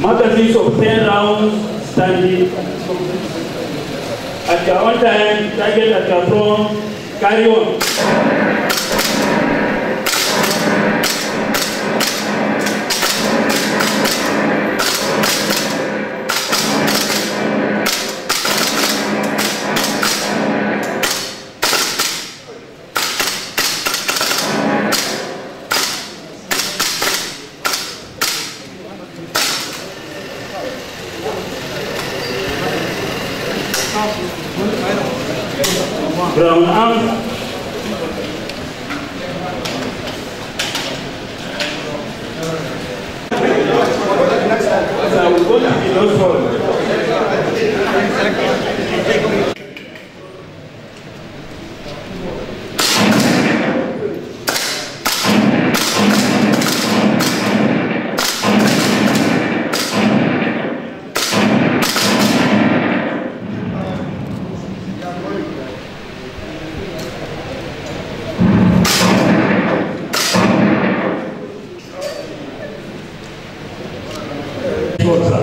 Magazines of 10 rounds standing. At your own time, target at your throne, carry on. Brown arm. I will go to the forza